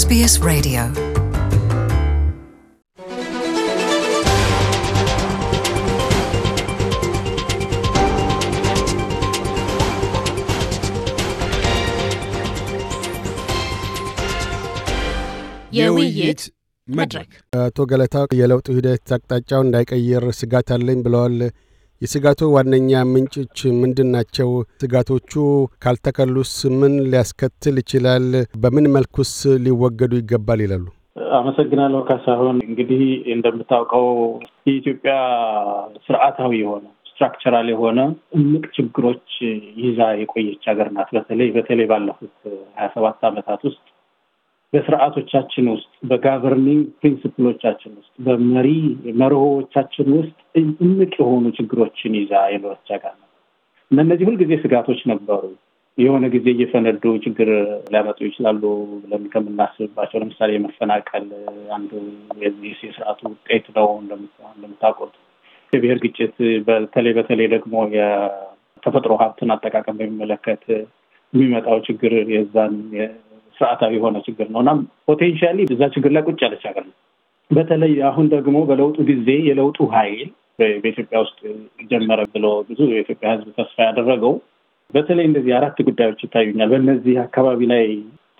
SBS Radio የውይይት መድረክ አቶ ገለታ የለውጡ ሂደት አቅጣጫው እንዳይቀይር ስጋት አለኝ ብለዋል። የስጋቱ ዋነኛ ምንጮች ምንድን ናቸው? ስጋቶቹ ካልተከሉስ ምን ሊያስከትል ይችላል? በምን መልኩስ ሊወገዱ ይገባል ይላሉ? አመሰግናለሁ ካሳሁን። እንግዲህ እንደምታውቀው የኢትዮጵያ ስርዓታዊ የሆነ ስትራክቸራል የሆነ እምቅ ችግሮች ይዛ የቆየች ሀገር ናት። በተለይ በተለይ ባለፉት ሀያ ሰባት አመታት ውስጥ በስርዓቶቻችን ውስጥ በጋቨርኒንግ ፕሪንስፕሎቻችን ውስጥ በመሪ መርሆዎቻችን ውስጥ እምቅ የሆኑ ችግሮችን ይዛ የኖረች ሀገር ነው እና እነዚህ ሁልጊዜ ስጋቶች ነበሩ። የሆነ ጊዜ እየፈነዱ ችግር ሊያመጡ ይችላሉ ብለን ከምናስብባቸው ለምሳሌ የመፈናቀል አንዱ የዚህ ውጤት ነው። እንደምታውቁት የብሔር ግጭት በተለይ በተለይ ደግሞ የተፈጥሮ ሀብትን አጠቃቀም በሚመለከት የሚመጣው ችግር የዛን ስርዓታዊ የሆነ ችግር ነው እና ፖቴንሻሊ እዛ ችግር ላይ ቁጭ ያለች ሀገር ነው። በተለይ አሁን ደግሞ በለውጡ ጊዜ የለውጡ ኃይል በኢትዮጵያ ውስጥ ጀመረ ብሎ ብዙ የኢትዮጵያ ሕዝብ ተስፋ ያደረገው በተለይ እንደዚህ አራት ጉዳዮች ይታዩኛል። በእነዚህ አካባቢ ላይ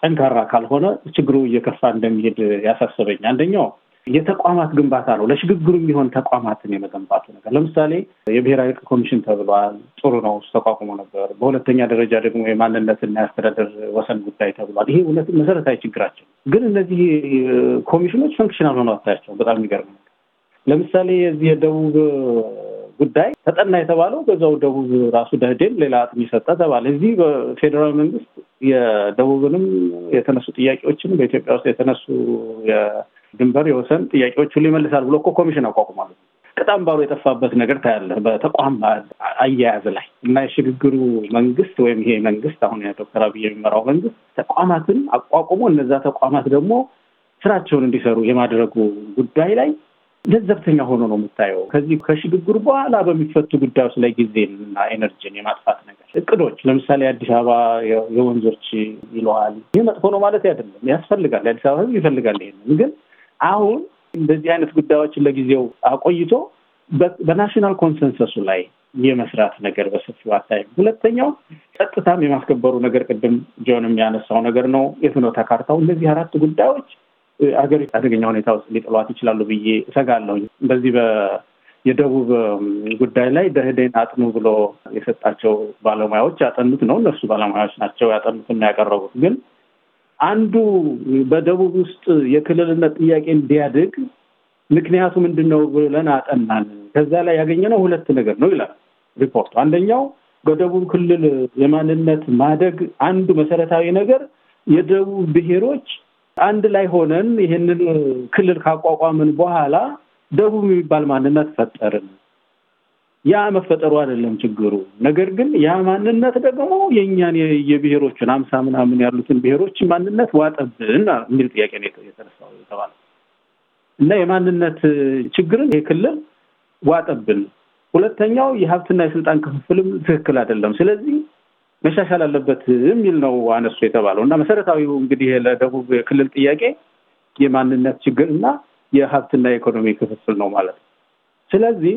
ጠንካራ ካልሆነ ችግሩ እየከፋ እንደሚሄድ ያሳስበኝ። አንደኛው የተቋማት ግንባታ ነው። ለሽግግሩ የሚሆን ተቋማትን የመገንባቱ ነገር ለምሳሌ የብሔራዊ እርቅ ኮሚሽን ተብሏል። ጥሩ ነው፣ ተቋቁሞ ነበር። በሁለተኛ ደረጃ ደግሞ የማንነትና የአስተዳደር ወሰን ጉዳይ ተብሏል። ይሄ እውነት መሰረታዊ ችግራቸው ግን እነዚህ ኮሚሽኖች ፈንክሽናል ሆነው አታያቸው። በጣም የሚገርም ለምሳሌ የዚህ የደቡብ ጉዳይ ተጠና የተባለው በዛው ደቡብ ራሱ ደህዴን ሌላ አጥኚ ሰጠ ተባለ። እዚህ በፌዴራል መንግስት የደቡብንም የተነሱ ጥያቄዎችን በኢትዮጵያ ውስጥ የተነሱ ድንበር የወሰን ጥያቄዎች ሁሉ ይመልሳል ብሎ እኮ ኮሚሽን አቋቁሟል። ቅጣም ባሉ የጠፋበት ነገር ታያለህ በተቋም አያያዝ ላይ እና የሽግግሩ መንግስት ወይም ይሄ መንግስት አሁን ዶክተር አብይ የሚመራው መንግስት ተቋማትን አቋቁሞ እነዛ ተቋማት ደግሞ ስራቸውን እንዲሰሩ የማድረጉ ጉዳይ ላይ ለዘብተኛ ሆኖ ነው የምታየው። ከዚህ ከሽግግሩ በኋላ በሚፈቱ ጉዳዮች ላይ ጊዜና ኤነርጂን የማጥፋት ነገር እቅዶች፣ ለምሳሌ አዲስ አበባ የወንዞች ይለዋል። ይህ መጥፎ ነው ማለት አይደለም፣ ያስፈልጋል። የአዲስ አበባ ህዝብ ይፈልጋል። ይሄንን ግን አሁን እንደዚህ አይነት ጉዳዮችን ለጊዜው አቆይቶ በናሽናል ኮንሰንሰሱ ላይ የመስራት ነገር በሰፊው አታይም። ሁለተኛው ጸጥታም የማስከበሩ ነገር ቅድም ጆንም ያነሳው ነገር ነው። የፍኖተ ካርታው እነዚህ አራት ጉዳዮች አገሪቱ አደገኛ ሁኔታ ውስጥ ሊጥሏት ይችላሉ ብዬ እሰጋለሁ። በዚህ የደቡብ ጉዳይ ላይ ደህዴን አጥኑ ብሎ የሰጣቸው ባለሙያዎች ያጠኑት ነው። እነሱ ባለሙያዎች ናቸው ያጠኑትና ያቀረቡት ግን አንዱ በደቡብ ውስጥ የክልልነት ጥያቄ እንዲያድግ ምክንያቱ ምንድን ነው ብለን አጠናን። ከዛ ላይ ያገኘነው ሁለት ነገር ነው ይላል ሪፖርቱ። አንደኛው በደቡብ ክልል የማንነት ማደግ አንዱ መሰረታዊ ነገር የደቡብ ብሔሮች አንድ ላይ ሆነን ይህንን ክልል ካቋቋምን በኋላ ደቡብ የሚባል ማንነት ፈጠርን። ያ መፈጠሩ አይደለም ችግሩ። ነገር ግን ያ ማንነት ደግሞ የእኛን የብሔሮችን አምሳ ምናምን ያሉትን ብሔሮች ማንነት ዋጠብን የሚል ጥያቄ ነው የተነሳው የተባለ እና የማንነት ችግርን የክልል ክልል ዋጠብን። ሁለተኛው የሀብትና የስልጣን ክፍፍልም ትክክል አይደለም። ስለዚህ መሻሻል አለበት የሚል ነው አነሱ የተባለው እና መሰረታዊው እንግዲህ ለደቡብ የክልል ጥያቄ የማንነት ችግር እና የሀብትና የኢኮኖሚ ክፍፍል ነው ማለት ነው። ስለዚህ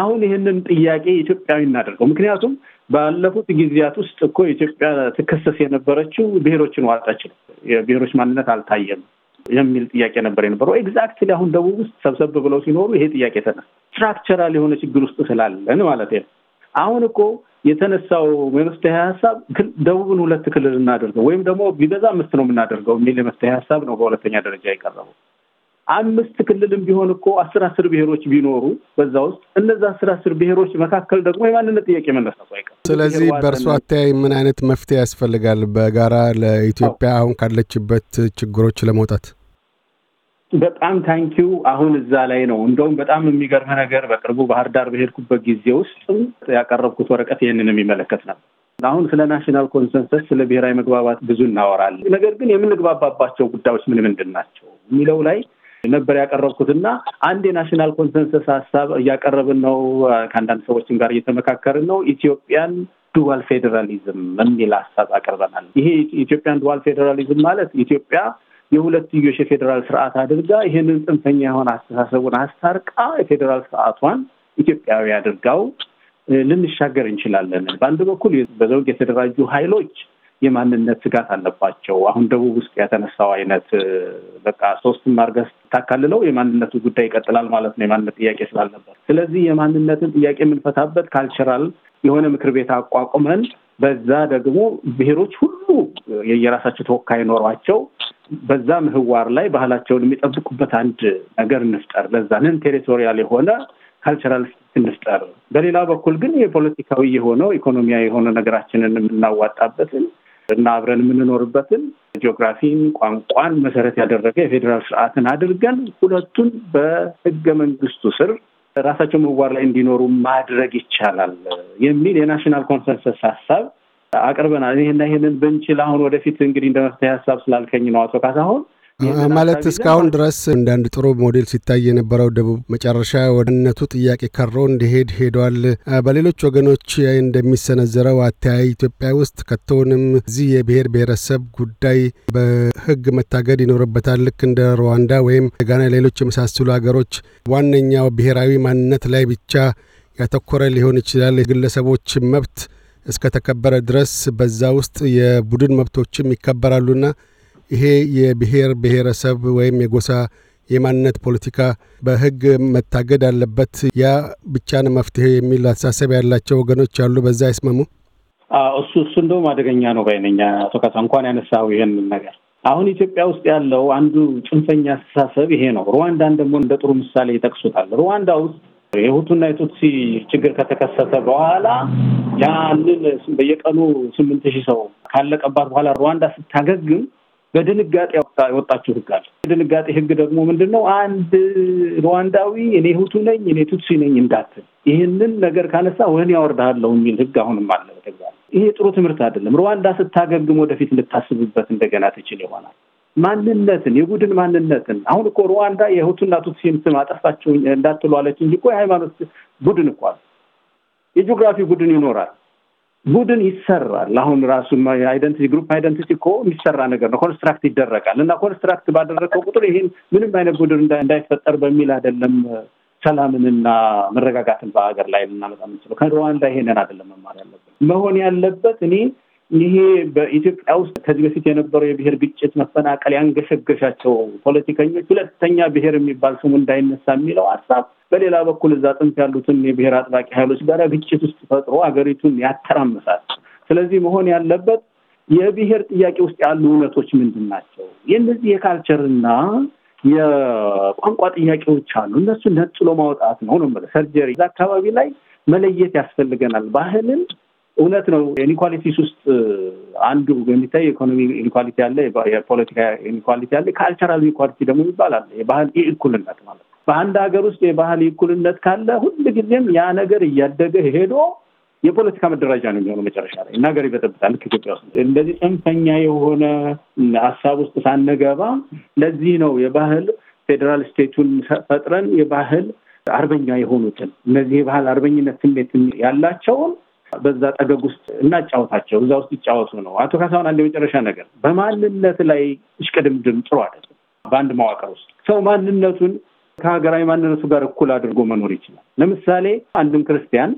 አሁን ይህንን ጥያቄ ኢትዮጵያዊ እናደርገው። ምክንያቱም ባለፉት ጊዜያት ውስጥ እኮ ኢትዮጵያ ትከሰስ የነበረችው ብሔሮችን ዋጣች ነው። የብሔሮች ማንነት አልታየም የሚል ጥያቄ ነበር የነበረው። ኤግዛክት አሁን ደቡብ ውስጥ ሰብሰብ ብለው ሲኖሩ ይሄ ጥያቄ ተነሳ። ስትራክቸራል የሆነ ችግር ውስጥ ስላለን ማለት ነው። አሁን እኮ የተነሳው የመፍትሄ ሀሳብ ደቡብን ሁለት ክልል እናደርገው ወይም ደግሞ ቢበዛ አምስት ነው የምናደርገው የሚል የመፍትሄ ሀሳብ ነው በሁለተኛ ደረጃ የቀረበው። አምስት ክልልም ቢሆን እኮ አስር አስር ብሔሮች ቢኖሩ በዛ ውስጥ እነዚ አስር አስር ብሔሮች መካከል ደግሞ የማንነት ጥያቄ መነሳቱ አይቀር። ስለዚህ በእርሶ አተያይ ምን አይነት መፍትሄ ያስፈልጋል በጋራ ለኢትዮጵያ አሁን ካለችበት ችግሮች ለመውጣት? በጣም ታንኪው። አሁን እዛ ላይ ነው። እንደውም በጣም የሚገርም ነገር በቅርቡ ባህር ዳር በሄድኩበት ጊዜ ውስጥ ያቀረብኩት ወረቀት ይህንን የሚመለከት ነበር። አሁን ስለ ናሽናል ኮንሰንሰስ ስለ ብሔራዊ መግባባት ብዙ እናወራለን። ነገር ግን የምንግባባባቸው ጉዳዮች ምን ምንድን ናቸው የሚለው ላይ ነበር ያቀረብኩትና አንድ የናሽናል ኮንሰንሰስ ሀሳብ እያቀረብን ነው። ከአንዳንድ ሰዎችም ጋር እየተመካከርን ነው። ኢትዮጵያን ዱዋል ፌዴራሊዝም የሚል ሀሳብ አቅርበናል። ይሄ ኢትዮጵያን ዱዋል ፌዴራሊዝም ማለት ኢትዮጵያ የሁለትዮሽ የፌዴራል ስርዓት አድርጋ ይህንን ጽንፈኛ የሆነ አስተሳሰቡን አስታርቃ የፌዴራል ስርዓቷን ኢትዮጵያዊ አድርጋው ልንሻገር እንችላለን። በአንድ በኩል በዘውግ የተደራጁ ኃይሎች የማንነት ስጋት አለባቸው። አሁን ደቡብ ውስጥ ያተነሳው አይነት በቃ ሶስትም ማርገስ ታካልለው የማንነቱ ጉዳይ ይቀጥላል ማለት ነው፣ የማንነት ጥያቄ ስላለበት። ስለዚህ የማንነትን ጥያቄ የምንፈታበት ካልቸራል የሆነ ምክር ቤት አቋቁመን በዛ ደግሞ ብሔሮች ሁሉ የየራሳቸው ተወካይ ኖሯቸው በዛ ምህዋር ላይ ባህላቸውን የሚጠብቁበት አንድ ነገር እንፍጠር። ለዛ ቴሪቶሪያል የሆነ ካልቸራል እንፍጠር። በሌላ በኩል ግን የፖለቲካዊ የሆነው ኢኮኖሚያዊ የሆነ ነገራችንን የምናዋጣበትን እና አብረን የምንኖርበትን ጂኦግራፊን፣ ቋንቋን መሰረት ያደረገ የፌዴራል ስርዓትን አድርገን ሁለቱን በህገ መንግስቱ ስር ራሳቸው ምህዋር ላይ እንዲኖሩ ማድረግ ይቻላል የሚል የናሽናል ኮንሰንሰስ ሀሳብ አቅርበናል። ይህና ይህንን ብንችል አሁን ወደፊት እንግዲህ እንደ መፍትሄ ሀሳብ ስላልከኝ ነው አቶ ካሳሁን ማለት እስካሁን ድረስ እንዳንድ ጥሩ ሞዴል ሲታይ የነበረው ደቡብ መጨረሻ ወደነቱ ጥያቄ ከሮ እንዲሄድ ሄዷል። በሌሎች ወገኖች እንደሚሰነዘረው አተያይ ኢትዮጵያ ውስጥ ከቶውንም እዚህ የብሔር ብሔረሰብ ጉዳይ በሕግ መታገድ ይኖርበታል። ልክ እንደ ሩዋንዳ ወይም ጋና፣ ሌሎች የመሳሰሉ ሀገሮች ዋነኛው ብሔራዊ ማንነት ላይ ብቻ ያተኮረ ሊሆን ይችላል። የግለሰቦች መብት እስከተከበረ ድረስ በዛ ውስጥ የቡድን መብቶችም ይከበራሉና ይሄ የብሔር ብሔረሰብ ወይም የጎሳ የማንነት ፖለቲካ በህግ መታገድ አለበት፣ ያ ብቻን መፍትሄ የሚል አስተሳሰብ ያላቸው ወገኖች አሉ። በዛ አይስማሙ። እሱ እሱ እንደውም አደገኛ ነው ባይነኛ። አቶ ካሳ እንኳን ያነሳው ይሄን ነገር አሁን ኢትዮጵያ ውስጥ ያለው አንዱ ጽንፈኛ አስተሳሰብ ይሄ ነው። ሩዋንዳን ደግሞ እንደ ጥሩ ምሳሌ ይጠቅሱታል። ሩዋንዳ ውስጥ የሁቱና የቱትሲ ችግር ከተከሰተ በኋላ ያንን በየቀኑ ስምንት ሺህ ሰው ካለቀባት በኋላ ሩዋንዳ ስታገግም በድንጋጤ ወጣችሁ ህግ አለ። የድንጋጤ ህግ ደግሞ ምንድን ነው? አንድ ሩዋንዳዊ እኔ ሁቱ ነኝ እኔ ቱትሲ ነኝ እንዳትል፣ ይህንን ነገር ካነሳ ወህኒ ያወርድሃለሁ የሚል ህግ አሁንም አለ። ይሄ ጥሩ ትምህርት አይደለም። ሩዋንዳ ስታገግም ወደፊት ልታስብበት እንደገና ትችል ይሆናል። ማንነትን የቡድን ማንነትን አሁን እኮ ሩዋንዳ የሁቱና ቱትሲን ስም አጠፋቸው እንዳትሏለች እንጂ እኮ የሃይማኖት ቡድን እኳ የጂኦግራፊ ቡድን ይኖራል ቡድን ይሰራል። አሁን ራሱ አይደንቲቲ ግሩፕ አይደንቲቲ እኮ የሚሰራ ነገር ነው። ኮንስትራክት ይደረጋል እና ኮንስትራክት ባደረገው ቁጥር ይህን ምንም አይነት ቡድን እንዳይፈጠር በሚል አይደለም ሰላምንና መረጋጋትን በሀገር ላይ ልናመጣ የምንችለው። ከሩዋንዳ ይሄንን አይደለም መማር ያለብን። መሆን ያለበት እኔ ይሄ በኢትዮጵያ ውስጥ ከዚህ በፊት የነበረው የብሔር ግጭት፣ መፈናቀል ያንገሸገሻቸው ፖለቲከኞች ሁለተኛ ብሔር የሚባል ስሙ እንዳይነሳ የሚለው ሀሳብ በሌላ በኩል እዛ ጥንት ያሉትን የብሔር አጥባቂ ኃይሎች ጋር ግጭት ውስጥ ፈጥሮ ሀገሪቱን ያተራምሳል። ስለዚህ መሆን ያለበት የብሔር ጥያቄ ውስጥ ያሉ እውነቶች ምንድን ናቸው? የእነዚህ የካልቸርና የቋንቋ ጥያቄዎች አሉ። እነሱን ነጥሎ ማውጣት ነው ነው ሰርጀሪ እዛ አካባቢ ላይ መለየት ያስፈልገናል ባህልን እውነት ነው። ኢኒኳሊቲስ ውስጥ አንዱ የሚታይ የኢኮኖሚ ኢኒኳሊቲ አለ፣ የፖለቲካ ኢኒኳሊቲ አለ፣ ካልቸራል ኢኒኳሊቲ ደግሞ ይባላል። የባህል እኩልነት ማለት ነው። በአንድ ሀገር ውስጥ የባህል እኩልነት ካለ ጊዜም ያ ነገር እያደገ ሄዶ የፖለቲካ መደራጃ ነው የሚሆነው መጨረሻ ላይ እና ሀገር ይበጠብጣል። ኢትዮጵያ ውስጥ እንደዚህ ጽንፈኛ የሆነ ሀሳብ ውስጥ ሳንገባ ለዚህ ነው የባህል ፌዴራል ስቴቱን ፈጥረን የባህል አርበኛ የሆኑትን እነዚህ የባህል አርበኝነት ስሜት ያላቸውን በዛ ጠገግ ውስጥ እናጫወታቸው፣ እዛ ውስጥ ይጫወቱ ነው። አቶ ካሳሁን አንድ የመጨረሻ ነገር በማንነት ላይ እሽቅድምድም ጥሩ አይደለም። በአንድ መዋቅር ውስጥ ሰው ማንነቱን ከሀገራዊ ማንነቱ ጋር እኩል አድርጎ መኖር ይችላል። ለምሳሌ አንድም ክርስቲያን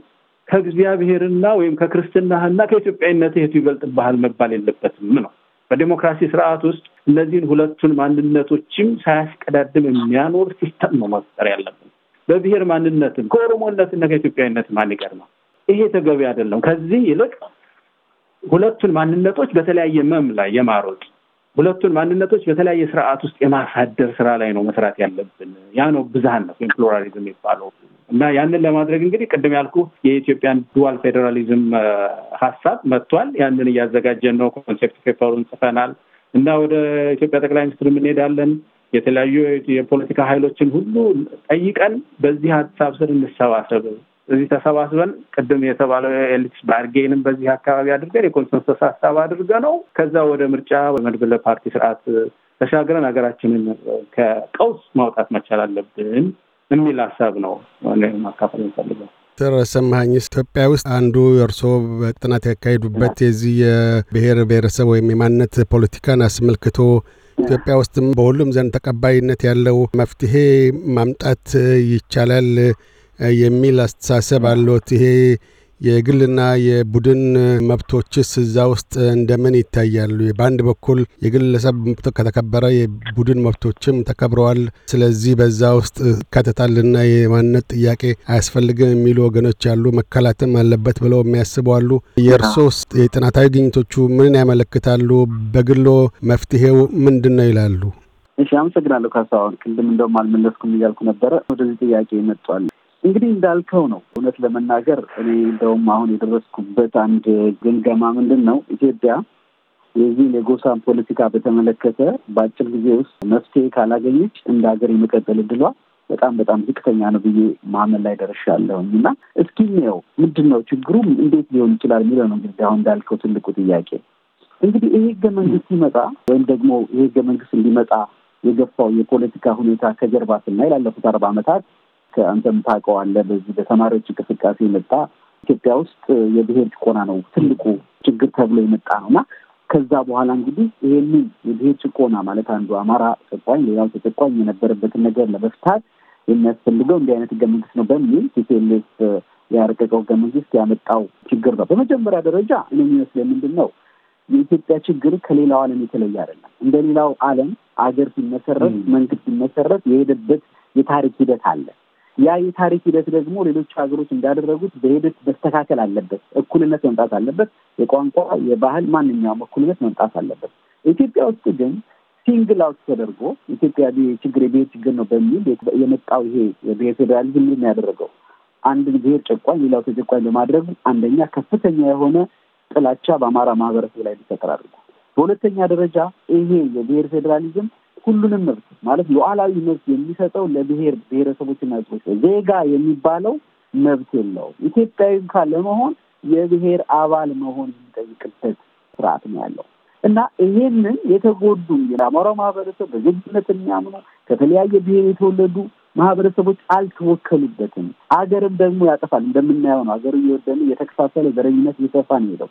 ከእግዚአብሔርና ወይም ከክርስትናህና ከኢትዮጵያዊነት የቱ ይበልጥብሃል መባል የለበትም ነው። በዲሞክራሲ ስርዓት ውስጥ እነዚህን ሁለቱን ማንነቶችም ሳያስቀዳድም የሚያኖር ሲስተም ነው መፍጠር ያለብን። በብሔር ማንነትም ከኦሮሞነትና ከኢትዮጵያዊነትም አንቀድምም። ይሄ ተገቢ አይደለም። ከዚህ ይልቅ ሁለቱን ማንነቶች በተለያየ መም ላይ የማሮጥ ሁለቱን ማንነቶች በተለያየ ስርዓት ውስጥ የማሳደር ስራ ላይ ነው መስራት ያለብን። ያ ነው ብዝሃነት ወይም ፕሉራሊዝም የሚባለው እና ያንን ለማድረግ እንግዲህ ቅድም ያልኩ የኢትዮጵያን ዱዋል ፌዴራሊዝም ሀሳብ መጥቷል። ያንን እያዘጋጀን ነው። ኮንሴፕት ፔፐሩን ጽፈናል እና ወደ ኢትዮጵያ ጠቅላይ ሚኒስትር እንሄዳለን። የተለያዩ የፖለቲካ ኃይሎችን ሁሉ ጠይቀን በዚህ ሀሳብ ስር እንሰባሰብ እዚህ ተሰባስበን ቅድም የተባለው ኤልክስ ባርጌንም በዚህ አካባቢ አድርገን የኮንሰንሰስ ሀሳብ አድርገ ነው ከዛ ወደ ምርጫ መድብለ ፓርቲ ስርዓት ተሻግረን ሀገራችንን ከቀውስ ማውጣት መቻል አለብን የሚል ሀሳብ ነው ማካፈል እንፈልገው። ዶክተር ኢትዮጵያ ውስጥ አንዱ እርስዎ በጥናት ያካሄዱበት የዚህ የብሔር ብሔረሰብ ወይም የማንነት ፖለቲካን አስመልክቶ ኢትዮጵያ ውስጥም በሁሉም ዘንድ ተቀባይነት ያለው መፍትሄ ማምጣት ይቻላል የሚል አስተሳሰብ አለት ይሄ የግልና የቡድን መብቶችስ እዛ ውስጥ እንደምን ይታያሉ? በአንድ በኩል የግለሰብ መብቶ ከተከበረ የቡድን መብቶችም ተከብረዋል። ስለዚህ በዛ ውስጥ ከተታልና የማንነት ጥያቄ አያስፈልግም የሚሉ ወገኖች አሉ። መከላትም አለበት ብለው የሚያስቡ አሉ። የእርሶ ውስጥ የጥናታዊ ግኝቶቹ ምንን ያመለክታሉ? በግሎ መፍትሄው ምንድን ነው ይላሉ? እሺ፣ አመሰግናለሁ ካሳሁን። ቅድም እንደውም አልመለስኩም እያልኩ ነበረ፣ ወደዚህ ጥያቄ መጧል። እንግዲህ እንዳልከው ነው። እውነት ለመናገር እኔ እንደውም አሁን የደረስኩበት አንድ ግምገማ ምንድን ነው ኢትዮጵያ የዚህን የጎሳን ፖለቲካ በተመለከተ በአጭር ጊዜ ውስጥ መፍትሄ ካላገኘች እንደ ሀገር የመቀጠል እድሏ በጣም በጣም ዝቅተኛ ነው ብዬ ማመን ላይ ደርሻለሁኝ እና እስኪ እንየው ምንድን ነው ችግሩም እንዴት ሊሆን ይችላል የሚለው ነው እንግዲህ አሁን እንዳልከው ትልቁ ጥያቄ እንግዲህ ይህ ህገ መንግስት ሲመጣ ወይም ደግሞ ይህ ህገ መንግስት እንዲመጣ የገፋው የፖለቲካ ሁኔታ ከጀርባ ስናይ ላለፉት አርባ ዓመታት አንተም ታውቀዋለህ። በዚህ በተማሪዎች እንቅስቃሴ የመጣ ኢትዮጵያ ውስጥ የብሔር ጭቆና ነው ትልቁ ችግር ተብሎ የመጣ ነው እና ከዛ በኋላ እንግዲህ ይሄንን የብሔር ጭቆና ማለት አንዱ አማራ ተጨቋኝ፣ ሌላው ተጨቋኝ የነበረበትን ነገር ለመፍታት የሚያስፈልገው እንዲህ አይነት ህገ መንግስት ነው በሚል ቲፒኤልኤፍ ያረቀቀው ህገ መንግስት ያመጣው ችግር ነው። በመጀመሪያ ደረጃ እኔ የሚመስለኝ ምንድን ነው የኢትዮጵያ ችግር ከሌላው ዓለም የተለየ አይደለም። እንደ ሌላው ዓለም አገር ሲመሰረት መንግስት ሲመሰረት የሄደበት የታሪክ ሂደት አለ። ያ የታሪክ ሂደት ደግሞ ሌሎች ሀገሮች እንዳደረጉት በሂደት መስተካከል አለበት። እኩልነት መምጣት አለበት። የቋንቋ የባህል ማንኛውም እኩልነት መምጣት አለበት። ኢትዮጵያ ውስጥ ግን ሲንግል አውት ተደርጎ ኢትዮጵያ ችግር የብሄር ችግር ነው በሚል የመጣው ይሄ ብሄር ፌዴራሊዝም ነው ያደረገው። አንድን ጨቋኝ ሌላው ተጨቋኝ በማድረግ አንደኛ ከፍተኛ የሆነ ጥላቻ በአማራ ማህበረሰብ ላይ ሊፈጠር አድርጓል። በሁለተኛ ደረጃ ይሄ የብሄር ፌዴራሊዝም ሁሉንም መብት ማለት ሉዓላዊ መብት የሚሰጠው ለብሔር ብሔረሰቦችና ህዝቦች ዜጋ የሚባለው መብት የለውም። ኢትዮጵያዊ እንኳ ለመሆን የብሔር አባል መሆን የሚጠይቅበት ስርዓት ነው ያለው እና ይሄንን የተጎዱ የአማራው ማህበረሰብ በዜግነት የሚያምኑ ከተለያየ ብሔር የተወለዱ ማህበረሰቦች አልተወከሉበትም። አገርም ደግሞ ያጠፋል። እንደምናየው ነው አገሩ እየወደነ እየተከፋፈለ ዘረኝነት እየሰፋ ነው ሄደው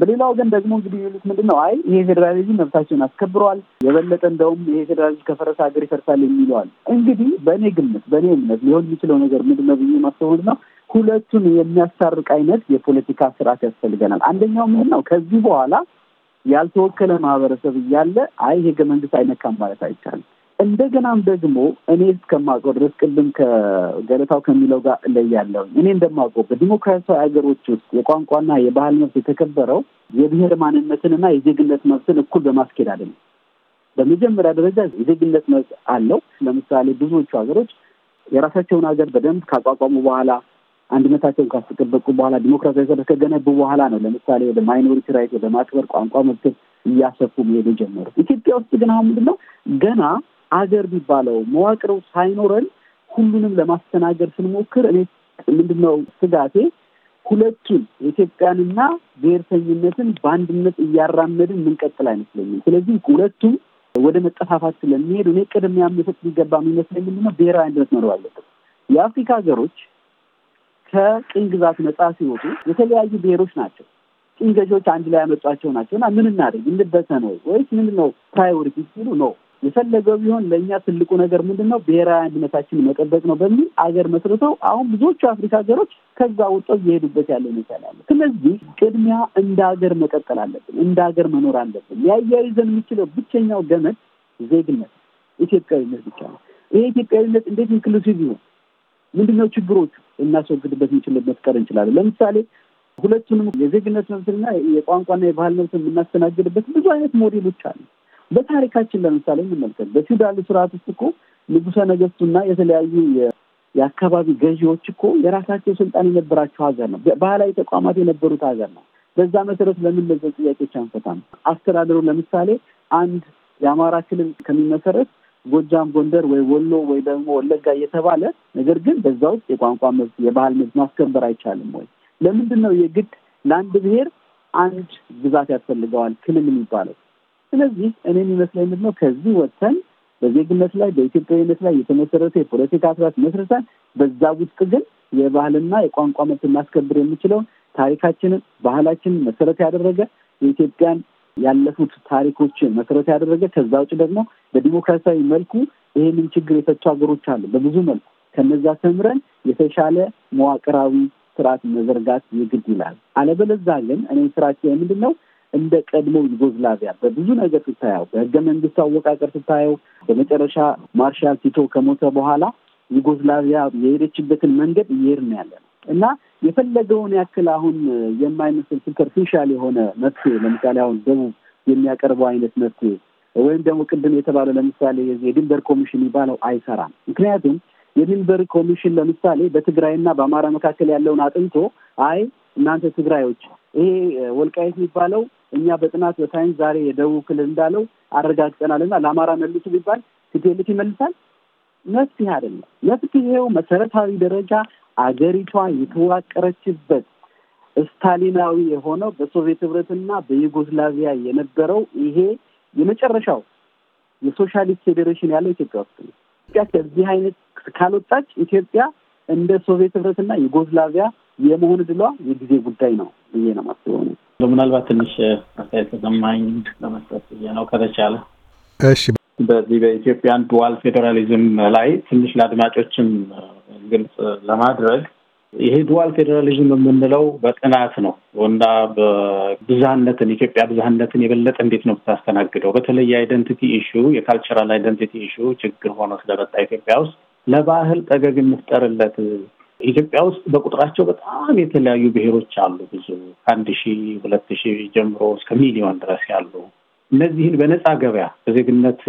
በሌላ ወገን ደግሞ እንግዲህ የሚሉት ምንድን ነው? አይ ይሄ ፌዴራሊዝም መብታቸውን አስከብረዋል፣ የበለጠ እንደውም ይሄ ፌዴራሊዝም ከፈረሰ ሀገር ይፈርሳል የሚለዋል። እንግዲህ በእኔ ግምት በእኔ እምነት ሊሆን የሚችለው ነገር ምንድን ነው ብዬ ማስተውል ነው ሁለቱን የሚያሳርቅ አይነት የፖለቲካ ስርዓት ያስፈልገናል። አንደኛው ምንድን ነው? ከዚህ በኋላ ያልተወከለ ማህበረሰብ እያለ አይ ህገ መንግስት አይነካም ማለት አይቻልም። እንደገናም ደግሞ እኔ እስከማውቀው ድረስ ቅድም ከገለታው ከሚለው ጋር እለያለሁ። እኔ እንደማውቀው በዲሞክራሲያዊ ሀገሮች ውስጥ የቋንቋና የባህል መብት የተከበረው የብሔር ማንነትንና የዜግነት መብትን እኩል በማስኬድ አይደለም። በመጀመሪያ ደረጃ የዜግነት መብት አለው። ለምሳሌ ብዙዎቹ ሀገሮች የራሳቸውን ሀገር በደንብ ካቋቋሙ በኋላ አንድነታቸውን ካስጠበቁ በኋላ ዲሞክራሲያዊ ስርዓት ከገነቡ በኋላ ነው ለምሳሌ ወደ ማይኖሪቲ ራይት ወደ ማክበር ቋንቋ መብትን እያሰፉ መሄድ የጀመሩት። ኢትዮጵያ ውስጥ ግን አሁን ምንድን ነው ገና አገር የሚባለው መዋቅረው ሳይኖረን ሁሉንም ለማስተናገድ ስንሞክር እኔ ምንድነው ስጋቴ ሁለቱን የኢትዮጵያንና ብሔርተኝነትን በአንድነት እያራመድን ምንቀጥል አይመስለኝም። ስለዚህ ሁለቱም ወደ መጠፋፋት ስለሚሄድ እኔ ቅድሚያ መስጠት የሚገባ የሚመስለኝ ምንድነው ብሔራዊ አንድነት መኖር አለበት። የአፍሪካ ሀገሮች ከቅኝ ግዛት ነጻ ሲወጡ የተለያዩ ብሔሮች ናቸው ቅኝ ገዢዎች አንድ ላይ ያመጧቸው ናቸው እና ምን እናደርግ እንበተን ነው ወይስ ምንድነው ነው ፕራዮሪቲ ሲሉ ነው የፈለገው ቢሆን ለእኛ ትልቁ ነገር ምንድን ነው? ብሔራዊ አንድነታችን መጠበቅ ነው በሚል አገር መስርተው አሁን ብዙዎቹ አፍሪካ ሀገሮች ከዛ ወጥተው እየሄዱበት ያለ ሁኔታ ያለ። ስለዚህ ቅድሚያ እንደ ሀገር መቀጠል አለብን፣ እንደ ሀገር መኖር አለብን። ሊያያይዘን የሚችለው ብቸኛው ገመድ ዜግነት፣ ኢትዮጵያዊነት ብቻ ነው። ይሄ ኢትዮጵያዊነት እንዴት ኢንክሉሲቭ ይሆን? ምንድነው ችግሮቹ እናስወግድበት የምንችልበት መፍቀር እንችላለን። ለምሳሌ ሁለቱንም የዜግነት መብትና የቋንቋና የባህል መብት የምናስተናግድበት ብዙ አይነት ሞዴሎች አሉ። በታሪካችን ለምሳሌ እንመልከት። በፊውዳል ስርዓት ውስጥ እኮ ንጉሰ ነገስቱና የተለያዩ የአካባቢ ገዢዎች እኮ የራሳቸው ስልጣን የነበራቸው ሀገር ነው። ባህላዊ ተቋማት የነበሩት ሀገር ነው። በዛ መሰረት ለምን እነዚህን ጥያቄዎች አንፈታም? አስተዳደሩ ለምሳሌ አንድ የአማራ ክልል ከሚመሰረት ጎጃም፣ ጎንደር ወይ ወሎ ወይ ደግሞ ወለጋ እየተባለ ነገር ግን በዛ ውስጥ የቋንቋ መብት፣ የባህል መብት ማስከበር አይቻልም ወይ? ለምንድን ነው የግድ ለአንድ ብሔር አንድ ግዛት ያስፈልገዋል ክልል የሚባለው? ስለዚህ እኔ የሚመስለኝ ምንድን ነው ከዚህ ወጥተን በዜግነት ላይ በኢትዮጵያዊነት ላይ የተመሰረተ የፖለቲካ ስርዓት መስርተን በዛ ውስጥ ግን የባህልና የቋንቋ መብት እናስከብር የምችለውን ታሪካችንን፣ ባህላችንን መሰረት ያደረገ የኢትዮጵያን ያለፉት ታሪኮችን መሰረት ያደረገ ከዛ ውጭ ደግሞ በዲሞክራሲያዊ መልኩ ይህንን ችግር የፈቱ ሀገሮች አሉ። በብዙ መልኩ ከነዛ ተምረን የተሻለ መዋቅራዊ ስርዓት መዘርጋት ይግድ ይላል። አለበለዛ ግን እኔ ስራቸው ምንድን ነው እንደ ቀድሞ ዩጎዝላቪያ በብዙ ነገር ስታየው፣ በህገ መንግስቱ አወቃቀር ስታየው፣ በመጨረሻ ማርሻል ቲቶ ከሞተ በኋላ ዩጎዝላቪያ የሄደችበትን መንገድ ነው ያለ ነው እና የፈለገውን ያክል አሁን የማይመስል ሱፐርፊሻል የሆነ መፍትሄ ለምሳሌ አሁን ደቡብ የሚያቀርበው አይነት መፍትሄ ወይም ደግሞ ቅድም የተባለው ለምሳሌ የድንበር ኮሚሽን የሚባለው አይሰራም። ምክንያቱም የድንበር ኮሚሽን ለምሳሌ በትግራይና በአማራ መካከል ያለውን አጥንቶ አይ እናንተ ትግራዮች ይሄ ወልቃይት የሚባለው እኛ በጥናት በሳይንስ ዛሬ የደቡብ ክልል እንዳለው አረጋግጠናል እና ለአማራ መልሱ ቢባል ቲፒኤልፍ ይመልሳል? መፍትሄ አይደለም። መፍትሄው መሰረታዊ ደረጃ አገሪቷ የተዋቀረችበት ስታሊናዊ የሆነው በሶቪየት ህብረትና በዩጎስላቪያ የነበረው ይሄ የመጨረሻው የሶሻሊስት ፌዴሬሽን ያለው ኢትዮጵያ ውስጥ ነው። ኢትዮጵያ ከዚህ አይነት ካልወጣች ኢትዮጵያ እንደ ሶቪየት ህብረትና ዩጎዝላቪያ የመሆን ድሏ የጊዜ ጉዳይ ነው ብዬ ነው ማስበው። ምናልባት ትንሽ አስተያየት ተሰማኝ ለመስጠት ብዬ ነው ከተቻለ። እሺ፣ በዚህ በኢትዮጵያን ዱዋል ፌዴራሊዝም ላይ ትንሽ ለአድማጮችም ግልጽ ለማድረግ ይሄ ዱዋል ፌዴራሊዝም የምንለው በጥናት ነው እና በብዝሃነትን ኢትዮጵያ ብዝሃነትን የበለጠ እንዴት ነው ብታስተናግደው፣ በተለይ የአይደንቲቲ ኢሹ የካልቸራል አይደንቲቲ ኢሹ ችግር ሆኖ ስለመጣ ኢትዮጵያ ውስጥ ለባህል ጠገግ እንፍጠርለት። ኢትዮጵያ ውስጥ በቁጥራቸው በጣም የተለያዩ ብሔሮች አሉ። ብዙ ከአንድ ሺ ሁለት ሺ ጀምሮ እስከ ሚሊዮን ድረስ ያሉ እነዚህን በነፃ ገበያ በዜግነት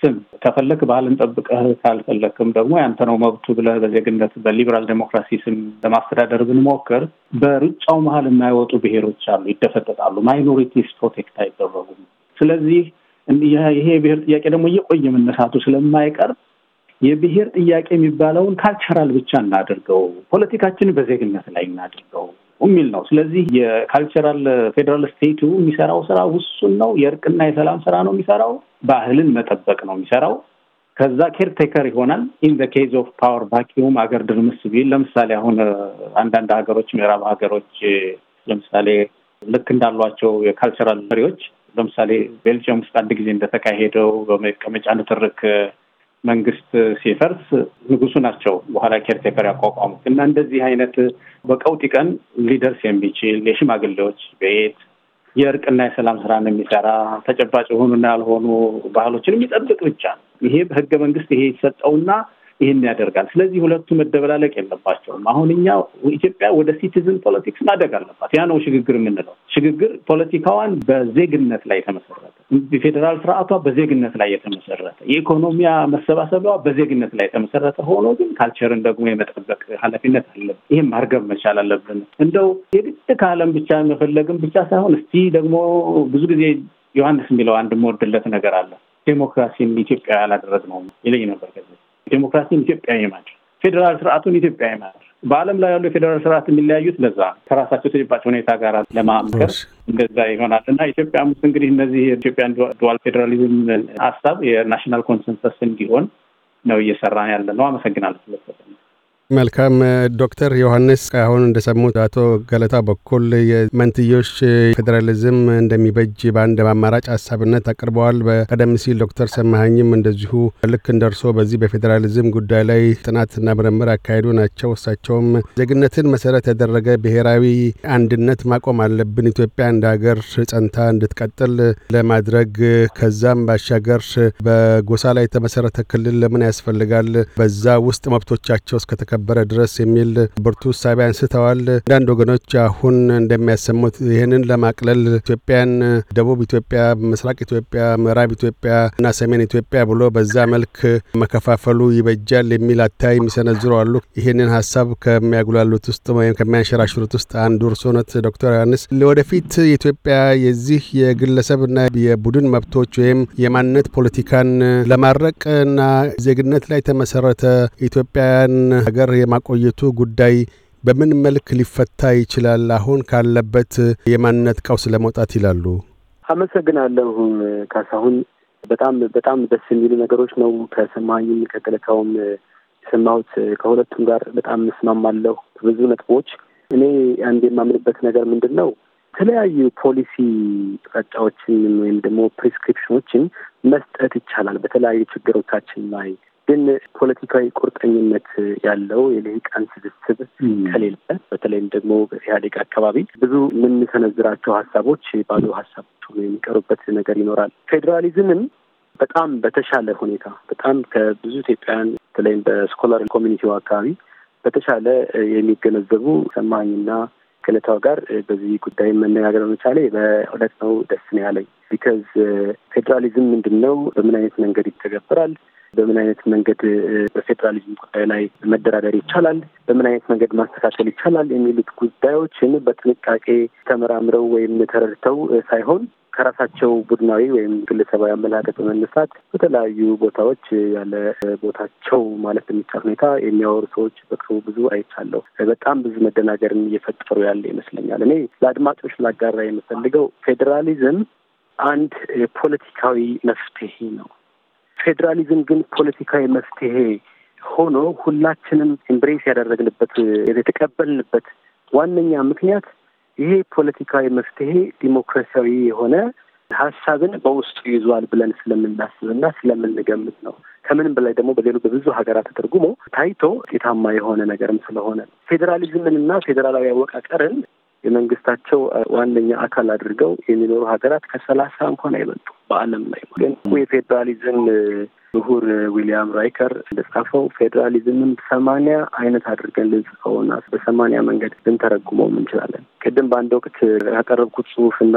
ስም ከፈለክ ባህልን ጠብቀህ ካልፈለክም ደግሞ ያንተ ነው መብቱ ብለህ በዜግነት በሊበራል ዴሞክራሲ ስም ለማስተዳደር ብንሞክር በሩጫው መሀል የማይወጡ ብሔሮች አሉ፣ ይደፈጠጣሉ። ማይኖሪቲስ ፕሮቴክት አይደረጉም። ስለዚህ ይሄ የብሔር ጥያቄ ደግሞ እየቆየ መነሳቱ ስለማይቀር የብሔር ጥያቄ የሚባለውን ካልቸራል ብቻ እናድርገው፣ ፖለቲካችን በዜግነት ላይ እናድርገው የሚል ነው። ስለዚህ የካልቸራል ፌዴራል ስቴቱ የሚሰራው ስራ ውሱን ነው። የእርቅና የሰላም ስራ ነው የሚሰራው። ባህልን መጠበቅ ነው የሚሰራው። ከዛ ኬርቴከር ይሆናል። ኢን ዘ ኬዝ ኦፍ ፓወር ቫኪዩም አገር ድርምስ ቢል ለምሳሌ አሁን አንዳንድ ሀገሮች፣ ምዕራብ ሀገሮች ለምሳሌ ልክ እንዳሏቸው የካልቸራል መሪዎች ለምሳሌ ቤልጅየም ውስጥ አንድ ጊዜ እንደተካሄደው በመቀመጫ ንትርክ መንግስት ሲፈርስ ንጉሱ ናቸው በኋላ ኬርቴከር ያቋቋሙት እና እንደዚህ አይነት በቀውጢ ቀን ሊደርስ የሚችል የሽማግሌዎች ቤት የእርቅና የሰላም ስራን የሚሰራ ተጨባጭ የሆኑና ያልሆኑ ባህሎችን የሚጠብቅ ብቻ ነው። ይሄ በህገ መንግስት ይሄ ይሰጠውና ይህን ያደርጋል። ስለዚህ ሁለቱ መደበላለቅ የለባቸውም። አሁን እኛ ኢትዮጵያ ወደ ሲቲዝን ፖለቲክስ ማደግ አለባት። ያ ነው ሽግግር የምንለው። ሽግግር ፖለቲካዋን በዜግነት ላይ የተመሰረተ የፌዴራል ስርዓቷ በዜግነት ላይ የተመሰረተ የኢኮኖሚያ መሰባሰቢያዋ በዜግነት ላይ የተመሰረተ ሆኖ ግን ካልቸርን ደግሞ የመጠበቅ ኃላፊነት አለብን። ይህም ማርገብ መቻል አለብን። እንደው የግድ ከዓለም ብቻ መፈለግም ብቻ ሳይሆን እስቲ ደግሞ ብዙ ጊዜ ዮሐንስ የሚለው አንድ የምወድለት ነገር አለ። ዴሞክራሲን ኢትዮጵያ ነው ይለኝ ነበር ከዚህ ዴሞክራሲን ኢትዮጵያ የማድረግ ፌዴራል ስርዓቱን ኢትዮጵያ የማድረግ በዓለም ላይ ያሉ የፌዴራል ስርዓት የሚለያዩት ለዛ ከራሳቸው ተጨባጭ ሁኔታ ጋር ለማምከር እንደዛ ይሆናል እና ኢትዮጵያም ውስጥ እንግዲህ እነዚህ የኢትዮጵያን ዱዋል ፌዴራሊዝም ሀሳብ የናሽናል ኮንሰንሰስ እንዲሆን ነው እየሰራን ያለ ነው። አመሰግናለሁ። መልካም ዶክተር ዮሐንስ አሁን እንደሰሙት አቶ ገለታ በኩል የመንትዮሽ ፌዴራሊዝም እንደሚበጅ በአንድ አማራጭ ሀሳብነት አቅርበዋል። በቀደም ሲል ዶክተር ሰማሀኝም እንደዚሁ ልክ እንደርሶ በዚህ በፌዴራሊዝም ጉዳይ ላይ ጥናትና ምርምር አካሄዱ ናቸው። እሳቸውም ዜግነትን መሰረት ያደረገ ብሔራዊ አንድነት ማቆም አለብን፣ ኢትዮጵያ እንደ ሀገር ጸንታ እንድትቀጥል ለማድረግ ከዛም ባሻገር በጎሳ ላይ የተመሰረተ ክልል ለምን ያስፈልጋል? በዛ ውስጥ መብቶቻቸው እስከተከ ከበረ ድረስ የሚል ብርቱ እሳቤ አንስተዋል። አንዳንድ ወገኖች አሁን እንደሚያሰሙት ይህንን ለማቅለል ኢትዮጵያን ደቡብ ኢትዮጵያ፣ ምስራቅ ኢትዮጵያ፣ ምዕራብ ኢትዮጵያ እና ሰሜን ኢትዮጵያ ብሎ በዛ መልክ መከፋፈሉ ይበጃል የሚል አታይ የሚሰነዝሩ አሉ። ይህንን ሀሳብ ከሚያጉላሉት ውስጥ ወይም ከሚያንሸራሽሩት ውስጥ አንዱ እርስዎ ነት ዶክተር ዮሐንስ ለወደፊት የኢትዮጵያ የዚህ የግለሰብና የቡድን መብቶች ወይም የማንነት ፖለቲካን ለማድረቅ እና ዜግነት ላይ ተመሰረተ ኢትዮጵያን ሀገር በሀገር የማቆየቱ ጉዳይ በምን መልክ ሊፈታ ይችላል? አሁን ካለበት የማንነት ቀውስ ለመውጣት ይላሉ። አመሰግናለሁ ካሳሁን። በጣም በጣም ደስ የሚሉ ነገሮች ነው ከሰማኝም ከገለታውም የሰማሁት። ከሁለቱም ጋር በጣም እስማማለሁ ብዙ ነጥቦች። እኔ አንድ የማምንበት ነገር ምንድን ነው የተለያዩ ፖሊሲ አቅጣጫዎችን ወይም ደግሞ ፕሪስክሪፕሽኖችን መስጠት ይቻላል በተለያዩ ችግሮቻችን ላይ ግን ፖለቲካዊ ቁርጠኝነት ያለው የልሂቃን ስብስብ ከሌለ በተለይም ደግሞ በኢህአዴግ አካባቢ ብዙ የምንሰነዝራቸው ሀሳቦች ባሉ ሀሳቦች ሆኖ የሚቀሩበት ነገር ይኖራል። ፌዴራሊዝምም በጣም በተሻለ ሁኔታ በጣም ከብዙ ኢትዮጵያውያን በተለይም በስኮላር ኮሚኒቲው አካባቢ በተሻለ የሚገነዘቡ ሰማኝና ክለታው ጋር በዚህ ጉዳይ መነጋገር መቻሌ በእውነት ነው ደስ ነው ያለኝ። ቢካዝ ፌዴራሊዝም ምንድን ነው? በምን አይነት መንገድ ይተገበራል? በምን አይነት መንገድ በፌዴራሊዝም ጉዳይ ላይ መደራደር ይቻላል፣ በምን አይነት መንገድ ማስተካከል ይቻላል የሚሉት ጉዳዮችን በጥንቃቄ ተመራምረው ወይም ተረድተው ሳይሆን ከራሳቸው ቡድናዊ ወይም ግለሰባዊ አመለካከት በመነሳት በተለያዩ ቦታዎች ያለ ቦታቸው ማለት በሚቻል ሁኔታ የሚያወሩ ሰዎች በቅርቡ ብዙ አይቻለሁ። በጣም ብዙ መደናገርን እየፈጠሩ ያለ ይመስለኛል። እኔ ለአድማጮች ላጋራ የምፈልገው ፌዴራሊዝም አንድ ፖለቲካዊ መፍትሄ ነው። ፌዴራሊዝም ግን ፖለቲካዊ መፍትሄ ሆኖ ሁላችንም ኢምብሬስ ያደረግንበት የተቀበልንበት ዋነኛ ምክንያት ይሄ ፖለቲካዊ መፍትሄ ዲሞክራሲያዊ የሆነ ሀሳብን በውስጡ ይዟል ብለን ስለምናስብና ስለምንገምት ነው። ከምንም በላይ ደግሞ በሌሎች በብዙ ሀገራት ተርጉሞ ታይቶ ውጤታማ የሆነ ነገርም ስለሆነ ፌዴራሊዝምን እና ፌዴራላዊ አወቃቀርን የመንግስታቸው ዋነኛ አካል አድርገው የሚኖሩ ሀገራት ከሰላሳ እንኳን አይበልጡ በዓለም ላይ ግን የፌዴራሊዝም ምሁር ዊሊያም ራይከር እንደጻፈው ፌዴራሊዝምን ሰማንያ አይነት አድርገን ልንጽፈውና በሰማንያ መንገድ ልንተረጉመውም እንችላለን። ቅድም በአንድ ወቅት ያቀረብኩት ጽሁፍና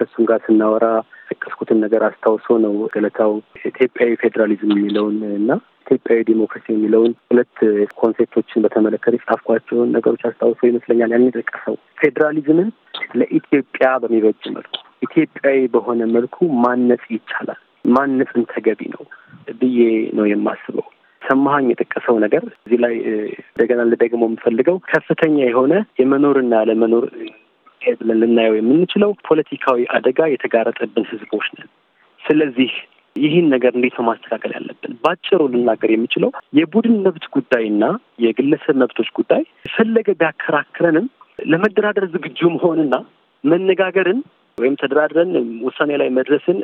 ከሱም ጋር ስናወራ የጠቀስኩትን ነገር አስታውሶ ነው ገለታው ኢትዮጵያዊ ፌዴራሊዝም የሚለውን እና ኢትዮጵያዊ ዲሞክራሲ የሚለውን ሁለት ኮንሴፕቶችን በተመለከተ የጻፍኳቸውን ነገሮች አስታውሶ ይመስለኛል ያን የጠቀሰው ፌዴራሊዝምን ለኢትዮጵያ በሚበጅ መልኩ ኢትዮጵያዊ በሆነ መልኩ ማነጽ ይቻላል፣ ማነጽን ተገቢ ነው ብዬ ነው የማስበው። ሰማሀኝ የጠቀሰው ነገር እዚህ ላይ እንደገና ልደግሞ የምፈልገው ከፍተኛ የሆነ የመኖርና ለመኖር። ጉዳይ ብለን ልናየው የምንችለው ፖለቲካዊ አደጋ የተጋረጠብን ህዝቦች ነን። ስለዚህ ይህን ነገር እንዴት ነው ማስተካከል ያለብን? ባጭሩ ልናገር የምችለው የቡድን መብት ጉዳይና የግለሰብ መብቶች ጉዳይ ፈለገ ቢያከራክረንም ለመደራደር ዝግጁ መሆንና መነጋገርን ወይም ተደራድረን ውሳኔ ላይ መድረስን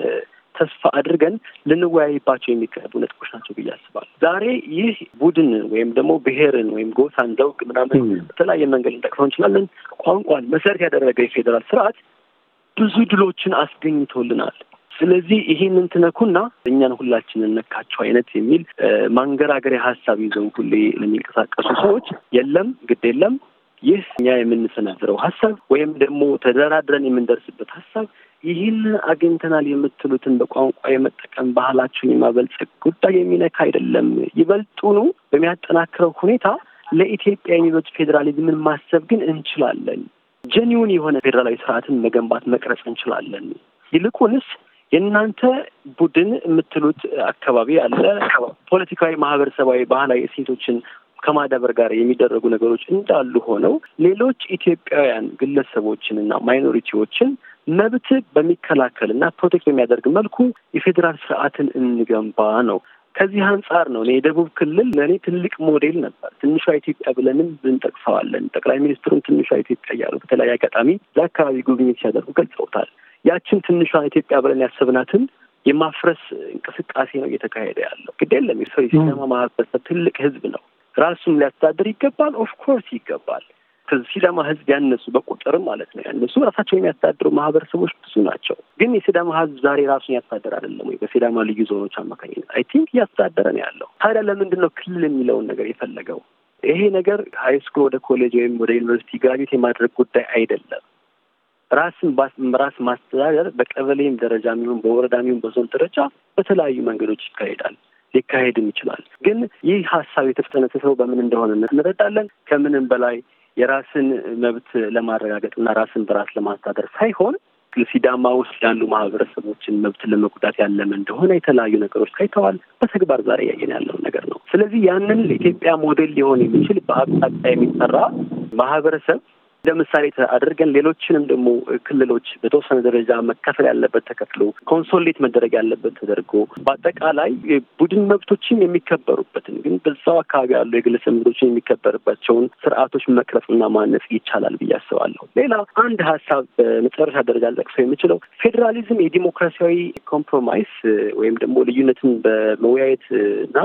ተስፋ አድርገን ልንወያይባቸው የሚካሄዱ ነጥቦች ናቸው ብዬ አስባለሁ። ዛሬ ይህ ቡድን ወይም ደግሞ ብሔርን ወይም ጎሳን፣ ዘውግ ምናምን በተለያየ መንገድ ልንጠቅሰው እንችላለን። ቋንቋን መሰረት ያደረገ የፌዴራል ስርዓት ብዙ ድሎችን አስገኝቶልናል። ስለዚህ ይህንን ትነኩና እኛን ሁላችን እነካቸው አይነት የሚል ማንገራገሪያ ሀሳብ ይዘው ሁሌ ለሚንቀሳቀሱ ሰዎች የለም ግድ የለም ይህ እኛ የምንሰነዝረው ሀሳብ ወይም ደግሞ ተደራድረን የምንደርስበት ሀሳብ ይህን አግኝተናል የምትሉትን በቋንቋ የመጠቀም ባህላችሁን የማበልጸግ ጉዳይ የሚነካ አይደለም። ይበልጡኑ በሚያጠናክረው ሁኔታ ለኢትዮጵያ የሚበጁ ፌዴራሊዝምን ማሰብ ግን እንችላለን። ጀኒውን የሆነ ፌዴራላዊ ስርዓትን መገንባት መቅረጽ እንችላለን። ይልቁንስ የእናንተ ቡድን የምትሉት አካባቢ አለ። ፖለቲካዊ፣ ማህበረሰባዊ፣ ባህላዊ እሴቶችን ከማዳበር ጋር የሚደረጉ ነገሮች እንዳሉ ሆነው ሌሎች ኢትዮጵያውያን ግለሰቦችንና ማይኖሪቲዎችን መብት በሚከላከል እና ፕሮቴክት በሚያደርግ መልኩ የፌዴራል ስርዓትን እንገንባ ነው። ከዚህ አንጻር ነው እኔ የደቡብ ክልል ለእኔ ትልቅ ሞዴል ነበር። ትንሿ ኢትዮጵያ ብለንም ብንጠቅሰዋለን። ጠቅላይ ሚኒስትሩም ትንሿ ኢትዮጵያ እያሉ በተለያየ አጋጣሚ ለአካባቢ ጉብኝት ሲያደርጉ ገልጸውታል። ያችን ትንሿ ኢትዮጵያ ብለን ያሰብናትን የማፍረስ እንቅስቃሴ ነው እየተካሄደ ያለው። ግድ የለም የሰው ማህበረሰብ ትልቅ ህዝብ ነው። ራሱም ሊያስተዳድር ይገባል። ኦፍኮርስ ይገባል። ከሲዳማ ህዝብ ያነሱ በቁጥርም ማለት ነው ያነሱ ራሳቸው የሚያስተዳድሩ ማህበረሰቦች ብዙ ናቸው። ግን የሲዳማ ህዝብ ዛሬ ራሱን ያስተዳደር አይደለም ወይ? በሲዳማ ልዩ ዞኖች አማካኝነት አይ ቲንክ እያስተዳደረ ነው ያለው። ታዲያ ለምንድን ነው ክልል የሚለውን ነገር የፈለገው? ይሄ ነገር ሃይስኩል ወደ ኮሌጅ ወይም ወደ ዩኒቨርሲቲ ግራጁዌት የማድረግ ጉዳይ አይደለም። ራስን ራስ ማስተዳደር በቀበሌም ደረጃ የሚሆን በወረዳ የሚሆን በዞን ደረጃ በተለያዩ መንገዶች ይካሄዳል ሊካሄድም ይችላል። ግን ይህ ሀሳብ የተጠነሰሰው በምን እንደሆነ እንረዳለን። ከምንም በላይ የራስን መብት እና ራስን በራስ ለማስታደር ሳይሆን ሲዳማ ውስጥ ያሉ ማህበረሰቦችን መብት ለመጉዳት ያለመ እንደሆነ የተለያዩ ነገሮች ታይተዋል። በተግባር ዛሬ እያየን ያለውን ነገር ነው። ስለዚህ ያንን ለኢትዮጵያ ሞዴል ሊሆን የሚችል በአቅጣጫ የሚሰራ ማህበረሰብ እንደ ምሳሌ አድርገን ሌሎችንም ደግሞ ክልሎች በተወሰነ ደረጃ መከፈል ያለበት ተከፍሎ ኮንሶሌት መደረግ ያለበት ተደርጎ በአጠቃላይ ቡድን መብቶችን የሚከበሩበትን ግን በዛው አካባቢ ያሉ የግለሰብ መብቶችን የሚከበርባቸውን ስርዓቶች መቅረጽና ማነጽ ይቻላል ብዬ አስባለሁ። ሌላ አንድ ሀሳብ በመጨረሻ ደረጃ ልጠቅሰው የምችለው ፌዴራሊዝም የዲሞክራሲያዊ ኮምፕሮማይስ ወይም ደግሞ ልዩነትን በመወያየት እና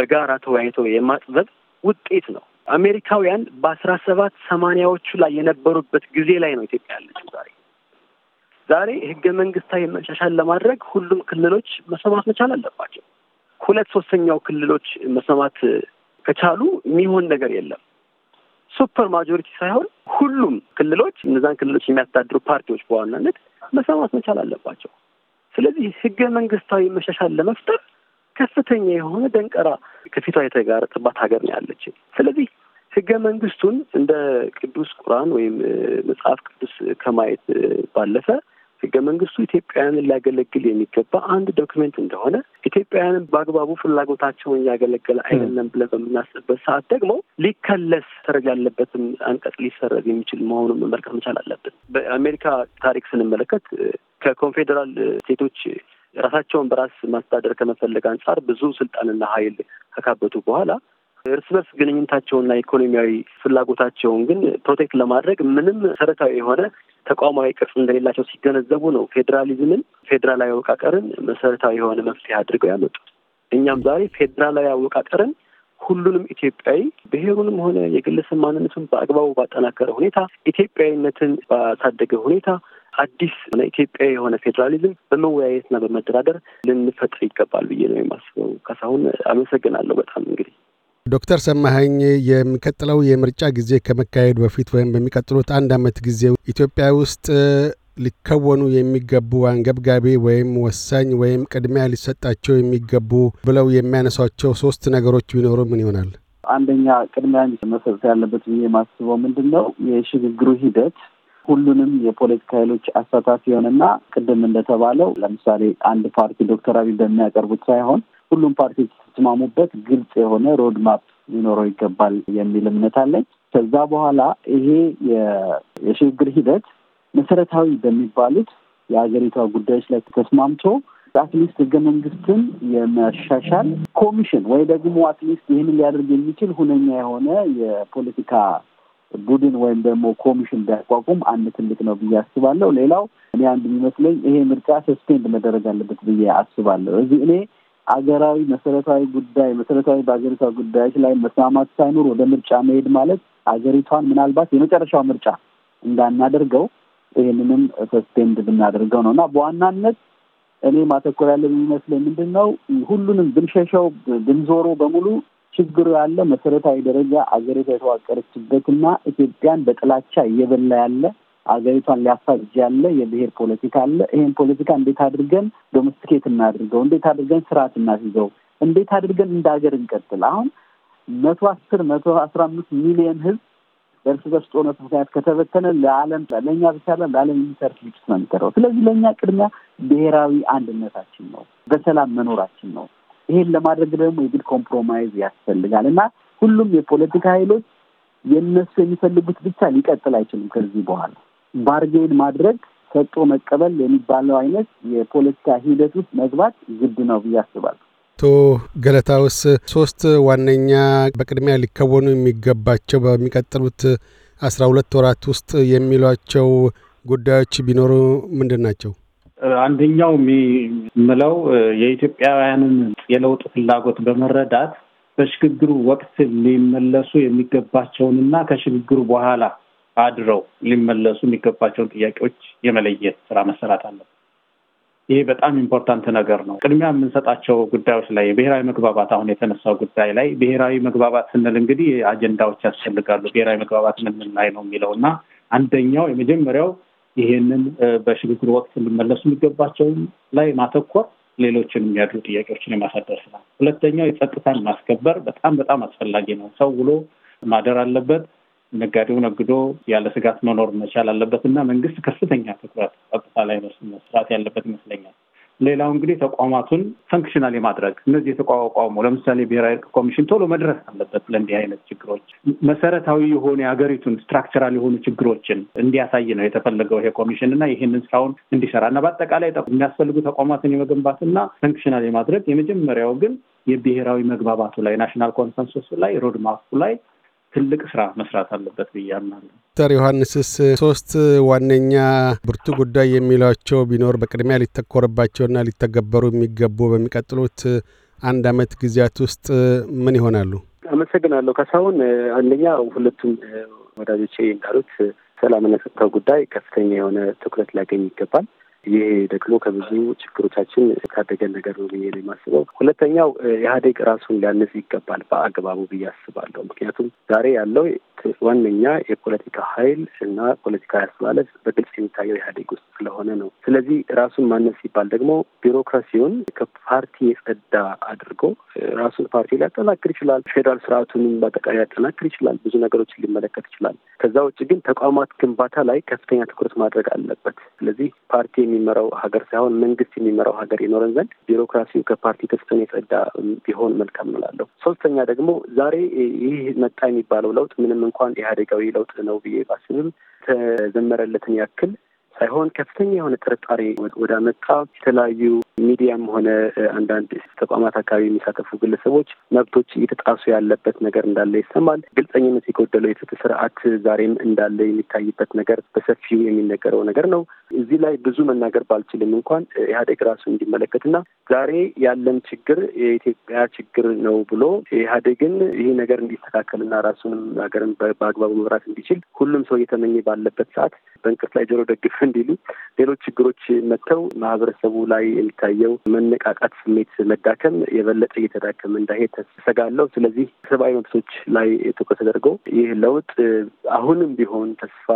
በጋራ ተወያይተው የማጥበብ ውጤት ነው። አሜሪካውያን በአስራ ሰባት ሰማንያዎቹ ላይ የነበሩበት ጊዜ ላይ ነው ኢትዮጵያ ያለችው ዛሬ። ዛሬ ህገ መንግስታዊ መሻሻል ለማድረግ ሁሉም ክልሎች መሰማት መቻል አለባቸው። ሁለት ሶስተኛው ክልሎች መሰማት ከቻሉ የሚሆን ነገር የለም። ሱፐር ማጆሪቲ ሳይሆን ሁሉም ክልሎች እነዛን ክልሎች የሚያስተዳድሩ ፓርቲዎች በዋናነት መሰማት መቻል አለባቸው። ስለዚህ ህገ መንግስታዊ መሻሻል ለመፍጠር ከፍተኛ የሆነ ደንቀራ ከፊቷ የተጋረጠባት ሀገር ነው ያለች። ስለዚህ ህገ መንግስቱን እንደ ቅዱስ ቁርአን ወይም መጽሐፍ ቅዱስ ከማየት ባለፈ ህገ መንግስቱ ኢትዮጵያውያንን ሊያገለግል የሚገባ አንድ ዶክመንት እንደሆነ ኢትዮጵያውያንን በአግባቡ ፍላጎታቸውን እያገለገለ አይደለም ብለን በምናስብበት ሰዓት ደግሞ ሊከለስ ሰረግ ያለበትን አንቀጽ ሊሰረግ የሚችል መሆኑን መመልከት መቻል አለብን። በአሜሪካ ታሪክ ስንመለከት ከኮንፌዴራል ስቴቶች ራሳቸውን በራስ ማስተዳደር ከመፈለግ አንጻር ብዙ ስልጣንና ኃይል ከካበቱ በኋላ እርስ በርስ ግንኙነታቸውና ኢኮኖሚያዊ ፍላጎታቸውን ግን ፕሮቴክት ለማድረግ ምንም መሰረታዊ የሆነ ተቋማዊ ቅርጽ እንደሌላቸው ሲገነዘቡ ነው ፌዴራሊዝምን፣ ፌዴራላዊ አወቃቀርን መሰረታዊ የሆነ መፍትሄ አድርገው ያመጡት። እኛም ዛሬ ፌዴራላዊ አወቃቀርን ሁሉንም ኢትዮጵያዊ ብሔሩንም ሆነ የግለሰብ ማንነቱን በአግባቡ ባጠናከረ ሁኔታ ኢትዮጵያዊነትን ባሳደገ ሁኔታ አዲስ ኢትዮጵያዊ የሆነ ፌዴራሊዝም በመወያየትና በመደራደር ልንፈጥር ይገባል ብዬ ነው የማስበው። ካሳሁን አመሰግናለሁ በጣም እንግዲህ ዶክተር ሰማሀኝ የሚቀጥለው የምርጫ ጊዜ ከመካሄዱ በፊት ወይም በሚቀጥሉት አንድ ዓመት ጊዜ ኢትዮጵያ ውስጥ ሊከወኑ የሚገቡ አንገብጋቢ ወይም ወሳኝ ወይም ቅድሚያ ሊሰጣቸው የሚገቡ ብለው የሚያነሷቸው ሶስት ነገሮች ቢኖሩ ምን ይሆናል? አንደኛ ቅድሚያ መሰጠት ያለበት ብዬ የማስበው ምንድን ነው የሽግግሩ ሂደት ሁሉንም የፖለቲካ ኃይሎች አሳታፊ የሆነና ቅድም እንደተባለው ለምሳሌ አንድ ፓርቲ ዶክተር አብይ በሚያቀርቡት ሳይሆን ሁሉም ፓርቲዎች የተስማሙበት ግልጽ የሆነ ሮድማፕ ሊኖረው ይገባል የሚል እምነት አለኝ። ከዛ በኋላ ይሄ የሽግግር ሂደት መሰረታዊ በሚባሉት የሀገሪቷ ጉዳዮች ላይ ተስማምቶ አትሊስት ህገ መንግስትን የመሻሻል ኮሚሽን ወይ ደግሞ አትሊስት ይህንን ሊያደርግ የሚችል ሁነኛ የሆነ የፖለቲካ ቡድን ወይም ደግሞ ኮሚሽን ቢያቋቁም አንድ ትልቅ ነው ብዬ አስባለሁ። ሌላው እኔ አንድ የሚመስለኝ ይሄ ምርጫ ሰስፔንድ መደረግ አለበት ብዬ አስባለሁ። እዚህ እኔ አገራዊ መሰረታዊ ጉዳይ መሰረታዊ በሀገሪቷ ጉዳዮች ላይ መስማማት ሳይኖር ወደ ምርጫ መሄድ ማለት አገሪቷን ምናልባት የመጨረሻው ምርጫ እንዳናደርገው ይህንንም ሰስፔንድ ብናደርገው ነው እና በዋናነት እኔ ማተኮር ያለ የሚመስለኝ ምንድን ነው፣ ሁሉንም ብንሸሸው ብንዞሮ በሙሉ ችግሩ ያለ መሰረታዊ ደረጃ አገሪቷ የተዋቀረችበትና ኢትዮጵያን በጥላቻ እየበላ ያለ አገሪቷን ሊያፋጅ ያለ የብሔር ፖለቲካ አለ። ይሄን ፖለቲካ እንዴት አድርገን ዶሜስቲኬት እናድርገው? እንዴት አድርገን ስርዓት እናስይዘው? እንዴት አድርገን እንደ ሀገር እንቀጥል? አሁን መቶ አስር መቶ አስራ አምስት ሚሊዮን ህዝብ በእርስ በርስ ጦርነት ምክንያት ከተበተነ ለዓለም ለእኛ ብቻ ለም ለዓለም የሚሰር ድርጅት ነው የሚቀረው። ስለዚህ ለእኛ ቅድሚያ ብሔራዊ አንድነታችን ነው፣ በሰላም መኖራችን ነው። ይሄን ለማድረግ ደግሞ የግድ ኮምፕሮማይዝ ያስፈልጋል እና ሁሉም የፖለቲካ ኃይሎች የነሱ የሚፈልጉት ብቻ ሊቀጥል አይችልም። ከዚህ በኋላ ባርጌን ማድረግ ሰጦ መቀበል የሚባለው አይነት የፖለቲካ ሂደት ውስጥ መግባት ግድ ነው ብዬ አስባለሁ። አቶ ገለታውስ ሶስት ዋነኛ በቅድሚያ ሊከወኑ የሚገባቸው በሚቀጥሉት አስራ ሁለት ወራት ውስጥ የሚሏቸው ጉዳዮች ቢኖሩ ምንድን ናቸው? አንደኛው የምለው የኢትዮጵያውያንን የለውጥ ፍላጎት በመረዳት በሽግግሩ ወቅት ሊመለሱ የሚገባቸውንና ከሽግግሩ በኋላ አድረው ሊመለሱ የሚገባቸውን ጥያቄዎች የመለየት ስራ መሰራት አለበት። ይሄ በጣም ኢምፖርታንት ነገር ነው። ቅድሚያ የምንሰጣቸው ጉዳዮች ላይ ብሔራዊ መግባባት አሁን የተነሳው ጉዳይ ላይ ብሔራዊ መግባባት ስንል እንግዲህ አጀንዳዎች ያስፈልጋሉ። ብሔራዊ መግባባት ምንምን ምን ላይ ነው የሚለው እና አንደኛው የመጀመሪያው ይሄንን በሽግግር ወቅት ልመለሱ የሚገባቸውን ላይ ማተኮር ሌሎችን የሚያድሩ ጥያቄዎችን የማሳደር ስራ። ሁለተኛው የጸጥታን ማስከበር በጣም በጣም አስፈላጊ ነው። ሰው ውሎ ማደር አለበት። ነጋዴው ነግዶ ያለ ስጋት መኖር መቻል አለበት እና መንግስት ከፍተኛ ትኩረት ጸጥታ ላይ መስራት ያለበት ይመስለኛል። ሌላው እንግዲህ ተቋማቱን ፈንክሽናል የማድረግ እነዚህ የተቋቋሙ ለምሳሌ ብሔራዊ እርቅ ኮሚሽን ቶሎ መድረስ አለበት ለእንዲህ አይነት ችግሮች መሰረታዊ የሆኑ የሀገሪቱን ስትራክቸራል የሆኑ ችግሮችን እንዲያሳይ ነው የተፈለገው ይሄ ኮሚሽን እና ይህንን ስራውን እንዲሰራ እና በአጠቃላይ የሚያስፈልጉ ተቋማትን የመገንባት እና ፈንክሽናል የማድረግ የመጀመሪያው ግን የብሔራዊ መግባባቱ ላይ ናሽናል ኮንሰንሱስ ላይ ሮድማፑ ላይ ትልቅ ስራ መስራት አለበት ብዬ አምናለሁ። ዶክተር ዮሐንስስ ሶስት ዋነኛ ብርቱ ጉዳይ የሚሏቸው ቢኖር በቅድሚያ ሊተኮርባቸውና ሊተገበሩ የሚገቡ በሚቀጥሉት አንድ አመት ጊዜያት ውስጥ ምን ይሆናሉ? አመሰግናለሁ ካሳሁን። አንደኛ ሁለቱም ወዳጆቼ እንዳሉት ሰላምና ጸጥታው ጉዳይ ከፍተኛ የሆነ ትኩረት ሊያገኝ ይገባል። ይሄ ደግሞ ከብዙ ችግሮቻችን የታደገን ነገር ነው ብዬ ነው የማስበው። ሁለተኛው ኢህአዴግ ራሱን ሊያንጽ ይገባል በአግባቡ ብዬ አስባለሁ። ምክንያቱም ዛሬ ያለው ዋነኛ የፖለቲካ ኃይል እና ፖለቲካ አስተላለፍ በግልጽ የሚታየው ኢህአዴግ ውስጥ ስለሆነ ነው። ስለዚህ ራሱን ማነጽ ሲባል ደግሞ ቢሮክራሲውን ከፓርቲ የጸዳ አድርጎ ራሱን ፓርቲ ሊያጠናክር ይችላል። ፌዴራል ስርዓቱንም በአጠቃላይ ሊያጠናክር ይችላል። ብዙ ነገሮችን ሊመለከት ይችላል። ከዛ ውጭ ግን ተቋማት ግንባታ ላይ ከፍተኛ ትኩረት ማድረግ አለበት። ስለዚህ ፓርቲ የሚመራው ሀገር ሳይሆን መንግስት የሚመራው ሀገር ይኖረን ዘንድ ቢሮክራሲው ከፓርቲ ክስትን የጸዳ ቢሆን መልካም ምላለው። ሶስተኛ ደግሞ ዛሬ ይህ መጣ የሚባለው ለውጥ ምንም እንኳን ኢህአዴጋዊ ለውጥ ነው ብዬ ባስብም ተዘመረለትን ያክል ሳይሆን ከፍተኛ የሆነ ጥርጣሬ ወዳመጣ የተለያዩ ሚዲያም ሆነ አንዳንድ ተቋማት አካባቢ የሚሳተፉ ግለሰቦች መብቶች እየተጣሱ ያለበት ነገር እንዳለ ይሰማል። ግልጸኝነት የጎደለው የፍትህ ስርዓት ዛሬም እንዳለ የሚታይበት ነገር በሰፊው የሚነገረው ነገር ነው። እዚህ ላይ ብዙ መናገር ባልችልም እንኳን ኢህአዴግ ራሱ እንዲመለከትና ዛሬ ያለን ችግር የኢትዮጵያ ችግር ነው ብሎ ኢህአዴግን ይህ ነገር እንዲስተካከልና ራሱንም ሀገርን በአግባቡ መብራት እንዲችል ሁሉም ሰው እየተመኘ ባለበት ሰዓት በእንቅርት ላይ ጆሮ ደግፍ እንዲሉ ሌሎች ችግሮች መጥተው ማህበረሰቡ ላይ የሚታየው መነቃቃት ስሜት መዳከም የበለጠ እየተዳከመ እንዳሄድ ተሰጋለሁ። ስለዚህ ሰብአዊ መብቶች ላይ ትኩረት ተደርጎ ይህ ለውጥ አሁንም ቢሆን ተስፋ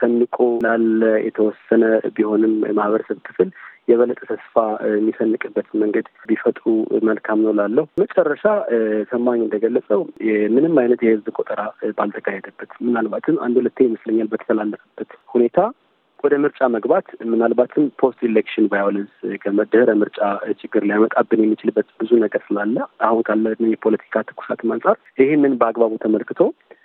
ሰንቆ ላለ የተወሰነ ቢሆንም የማህበረሰብ ክፍል የበለጠ ተስፋ የሚሰንቅበት መንገድ ቢፈጡ መልካም ነው ላለው። መጨረሻ ሰማኝ እንደገለጸው ምንም አይነት የህዝብ ቆጠራ ባልተካሄደበት ምናልባትም አንድ ሁለቴ ይመስለኛል በተተላለፈበት ሁኔታ ወደ ምርጫ መግባት ምናልባትም ፖስት ኢሌክሽን ቫዮለንስ ከመደረ ምርጫ ችግር ሊያመጣብን የሚችልበት ብዙ ነገር ስላለ አሁን ካለ የፖለቲካ ትኩሳት አንጻር ይህንን በአግባቡ ተመልክቶ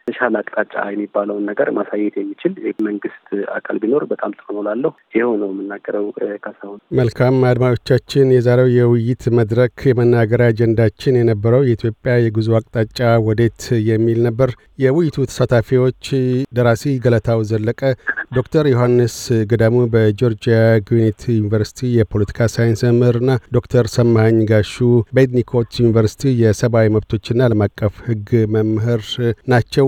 የተሻለ አቅጣጫ የሚባለውን ነገር ማሳየት የሚችል መንግስት አካል ቢኖር በጣም ጥሩ ነው ላለሁ ይኸው ነው የምናገረው። ካሳሁን መልካም አድማጮቻችን፣ የዛሬው የውይይት መድረክ የመናገሪያ አጀንዳችን የነበረው የኢትዮጵያ የጉዞ አቅጣጫ ወዴት የሚል ነበር። የውይይቱ ተሳታፊዎች ደራሲ ገለታው ዘለቀ፣ ዶክተር ዮሐንስ ገዳሙ በጆርጂያ ግዊኔት ዩኒቨርሲቲ የፖለቲካ ሳይንስ መምህርና ዶክተር ሰማኸኝ ጋሹ በኤድኒኮት ዩኒቨርሲቲ የሰብአዊ መብቶችና ዓለም አቀፍ ሕግ መምህር ናቸው።